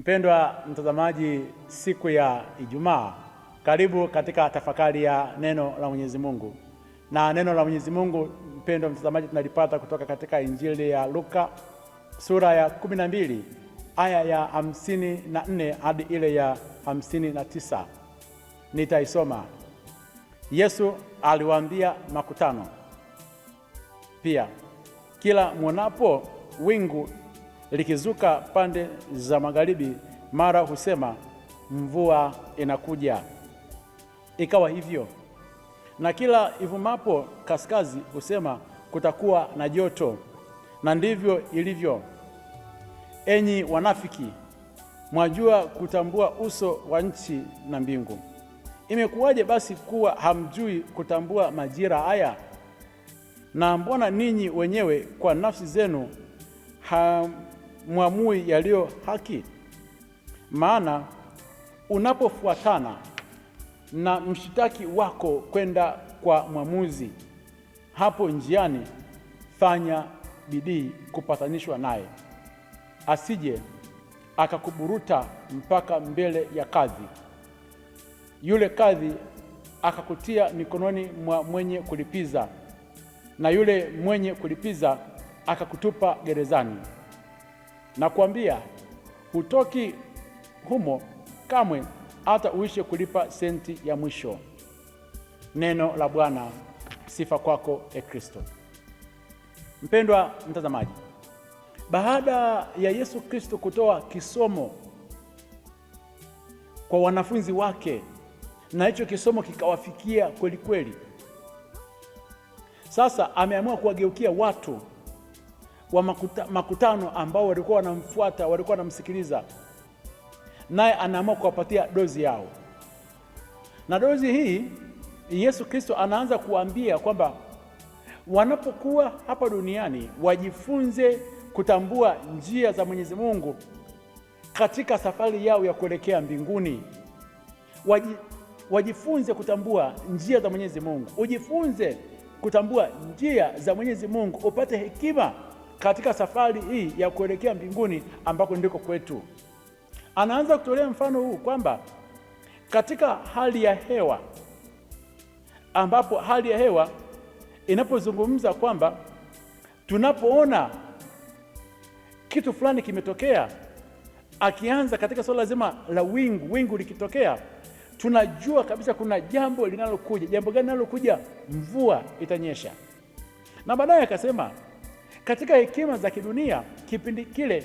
Mpendwa mtazamaji, siku ya Ijumaa, karibu katika tafakari ya neno la Mwenyezi Mungu. Na neno la Mwenyezi Mungu, mpendwa mtazamaji, tunalipata kutoka katika Injili ya Luka sura ya kumi na mbili aya ya hamsini na nne hadi ile ya hamsini na tisa. Nitaisoma. Yesu aliwaambia makutano, pia kila mwonapo wingu likizuka pande za magharibi, mara husema mvua inakuja, ikawa hivyo. Na kila ivumapo kaskazi husema kutakuwa na joto, na ndivyo ilivyo. Enyi wanafiki, mwajua kutambua uso wa nchi na mbingu. Imekuwaje basi kuwa hamjui kutambua majira haya? Na mbona ninyi wenyewe kwa nafsi zenu ham mwamui yaliyo haki? Maana unapofuatana na mshtaki wako kwenda kwa mwamuzi, hapo njiani fanya bidii kupatanishwa naye, asije akakuburuta mpaka mbele ya kadhi, yule kadhi akakutia mikononi mwa mwenye kulipiza, na yule mwenye kulipiza akakutupa gerezani. Nakwambia hutoki humo kamwe, hata uishe kulipa senti ya mwisho. Neno la Bwana. Sifa kwako e Kristo. Mpendwa mtazamaji, baada ya Yesu Kristo kutoa kisomo kwa wanafunzi wake na hicho kisomo kikawafikia kweli kweli, sasa ameamua kuwageukia watu wa makuta, makutano ambao walikuwa wanamfuata walikuwa wanamsikiliza, naye anaamua kuwapatia dozi yao. Na dozi hii Yesu Kristo anaanza kuambia kwamba wanapokuwa hapa duniani wajifunze kutambua njia za Mwenyezi Mungu katika safari yao ya kuelekea mbinguni. Waji, wajifunze kutambua njia za Mwenyezi Mungu, ujifunze kutambua njia za Mwenyezi Mungu upate hekima katika safari hii ya kuelekea mbinguni ambako ndiko kwetu. Anaanza kutolea mfano huu kwamba katika hali ya hewa, ambapo hali ya hewa inapozungumza kwamba tunapoona kitu fulani kimetokea, akianza katika swala zima la wingu. Wingu likitokea tunajua kabisa kuna jambo linalokuja. Jambo gani linalokuja? Mvua itanyesha. Na baadaye akasema katika hekima za kidunia kipindi kile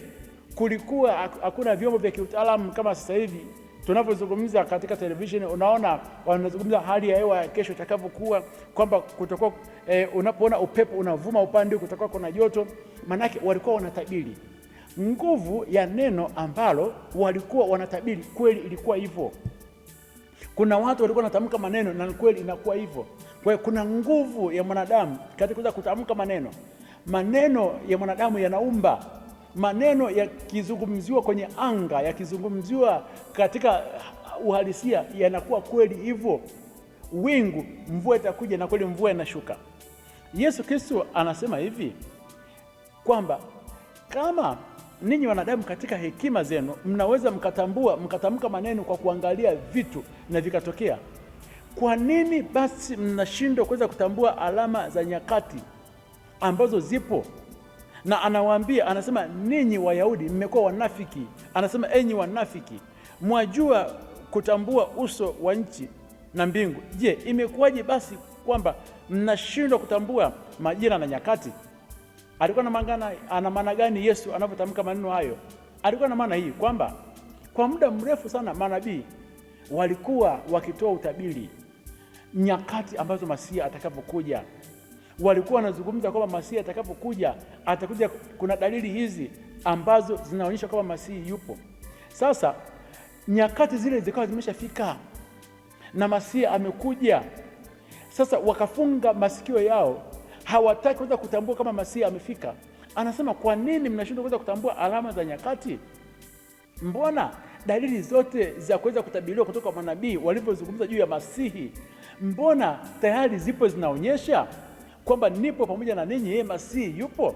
kulikuwa hakuna vyombo vya kiutaalamu kama sasa hivi tunavyozungumza katika televisheni, unaona wanazungumza hali ya hewa ya kesho itakavyokuwa, kwamba kutakuwa e, unapoona upepo unavuma upande kutakuwa kuna joto. Maanake walikuwa wanatabiri, nguvu ya neno ambalo walikuwa wanatabiri kweli ilikuwa hivyo. Kuna watu walikuwa wanatamka maneno na kweli inakuwa hivyo. Kwa hiyo kuna nguvu ya mwanadamu katika kuweza kutamka maneno. Maneno ya mwanadamu yanaumba. Maneno yakizungumziwa kwenye anga, yakizungumziwa katika uhalisia, yanakuwa kweli hivyo. Wingu, mvua itakuja, na kweli mvua inashuka. Yesu Kristo anasema hivi kwamba kama ninyi wanadamu katika hekima zenu mnaweza mkatambua mkatamka maneno kwa kuangalia vitu na vikatokea, kwa nini basi mnashindwa kuweza kutambua alama za nyakati? ambazo zipo na anawaambia, anasema ninyi Wayahudi mmekuwa wanafiki, anasema enyi wanafiki, mwajua kutambua uso wa nchi na mbingu. Je, imekuwaje basi kwamba mnashindwa kutambua majira na nyakati? Alikuwa na maana, ana maana gani Yesu anavyotamka maneno hayo? Alikuwa na maana hii kwamba kwa muda mrefu sana manabii walikuwa wakitoa utabiri nyakati ambazo Masihi atakapokuja walikuwa wanazungumza kwamba Masihi atakapokuja atakuja, kuna dalili hizi ambazo zinaonyesha kwamba Masihi yupo. Sasa nyakati zile zikawa zimeshafika na Masihi amekuja. Sasa wakafunga masikio yao, hawataki kuweza kutambua kama Masihi amefika. Anasema, kwa nini mnashindwa kuweza kutambua alama za nyakati? Mbona dalili zote za kuweza kutabiriwa kutoka manabii walivyozungumza juu ya Masihi, mbona tayari zipo zinaonyesha kwamba nipo pamoja na ninyi, yeye Masihi yupo.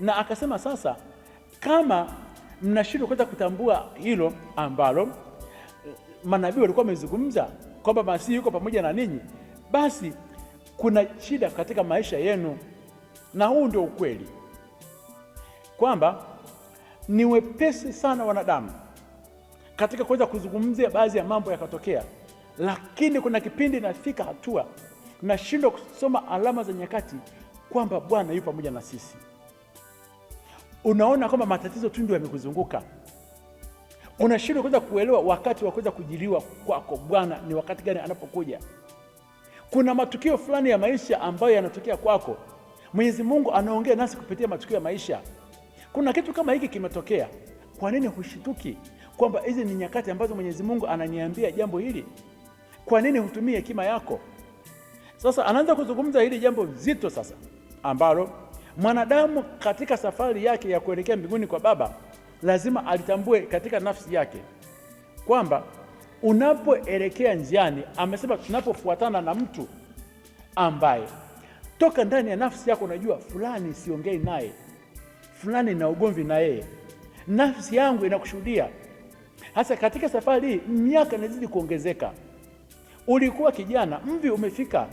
Na akasema sasa, kama mnashindwa kuweza kutambua hilo ambalo eh, manabii walikuwa wamezungumza kwamba Masihi yuko pamoja na ninyi, basi kuna shida katika maisha yenu. Na huu ndio ukweli kwamba ni wepesi sana wanadamu katika kuweza kuzungumzia baadhi ya mambo yakatokea, lakini kuna kipindi inafika hatua tunashindwa kusoma alama za nyakati kwamba Bwana yu pamoja na sisi. Unaona kwamba matatizo tu ndio yamekuzunguka, unashindwa kuweza kuelewa wakati wa kuweza kujiliwa kwako Bwana ni wakati gani anapokuja. Kuna matukio fulani ya maisha ambayo yanatokea kwako, Mwenyezi Mungu anaongea nasi kupitia matukio ya maisha. Kuna kitu kama hiki kimetokea, kwa nini hushituki kwamba hizi ni nyakati ambazo Mwenyezi Mungu ananiambia jambo hili? Kwa nini hutumii hekima yako? Sasa anaanza kuzungumza hili jambo zito sasa ambalo mwanadamu katika safari yake ya kuelekea mbinguni kwa Baba lazima alitambue katika nafsi yake kwamba unapoelekea njiani, amesema tunapofuatana na mtu ambaye toka ndani ya nafsi yako unajua fulani siongei naye, fulani na ugomvi na yeye, nafsi yangu inakushuhudia. Hasa katika safari hii miaka inazidi kuongezeka. Ulikuwa kijana, mvi umefika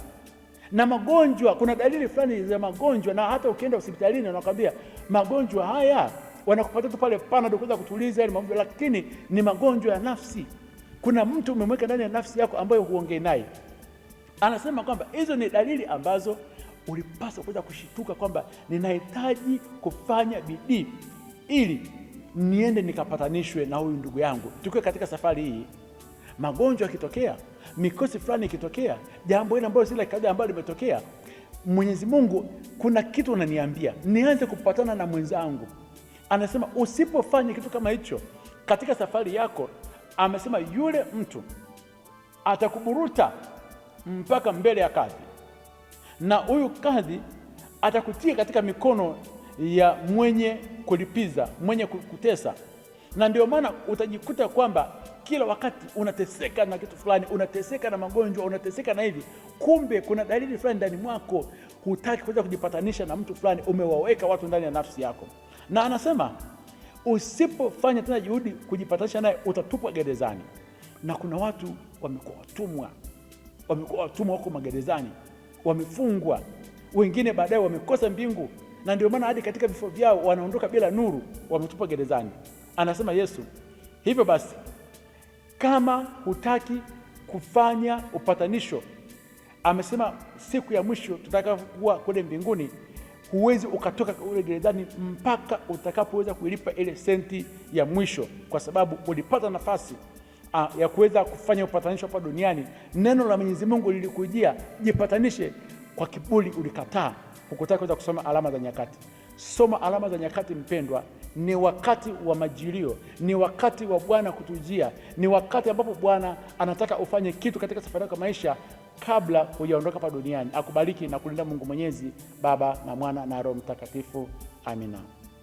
na magonjwa, kuna dalili fulani za magonjwa, na hata ukienda hospitalini wanakwambia magonjwa haya, wanakupatia tu pale Panadol kuweza kutuliza, lakini ni magonjwa ya nafsi. Kuna mtu umemweka ndani ya nafsi yako ambayo huongei naye. Anasema kwamba hizo ni dalili ambazo ulipaswa kuweza kushituka kwamba ninahitaji kufanya bidii ili niende nikapatanishwe na huyu ndugu yangu, tukiwe katika safari hii. Magonjwa yakitokea mikosi fulani ikitokea, jambo hili ambalo si la kawaida ambalo limetokea, Mwenyezi Mungu kuna kitu unaniambia nianze kupatana na mwenzangu. Anasema usipofanya kitu kama hicho katika safari yako, amesema yule mtu atakuburuta mpaka mbele ya kadhi, na huyu kadhi atakutia katika mikono ya mwenye kulipiza, mwenye kutesa na ndio maana utajikuta kwamba kila wakati unateseka na kitu fulani, unateseka na magonjwa, unateseka na hivi. Kumbe kuna dalili fulani ndani mwako, hutaki kuweza kujipatanisha na mtu fulani, umewaweka watu ndani ya nafsi yako. Na anasema usipofanya tena juhudi kujipatanisha naye utatupwa gerezani. Na kuna watu wamekuwa watumwa, wamekuwa watumwa, wako magerezani, wamefungwa, wengine baadaye wamekosa mbingu, na ndio maana hadi katika vifo vyao wanaondoka bila nuru, wametupwa gerezani. Anasema Yesu, hivyo basi kama hutaki kufanya upatanisho, amesema siku ya mwisho tutakapokuwa kule mbinguni, huwezi ukatoka kule gerezani mpaka utakapoweza kuilipa ile senti ya mwisho, kwa sababu ulipata nafasi a, ah, ya kuweza kufanya upatanisho hapa duniani. Neno la Mwenyezi Mungu lilikujia, jipatanishe, kwa kiburi ulikataa, hukutaka kuweza kusoma alama za nyakati. Soma alama za nyakati, mpendwa. Ni wakati wa majilio, ni wakati wa Bwana kutujia, ni wakati ambapo Bwana anataka ufanye kitu katika safari yako maisha kabla hujaondoka hapa duniani. Akubariki na kulinda Mungu Mwenyezi, Baba na Mwana na Roho Mtakatifu. Amina.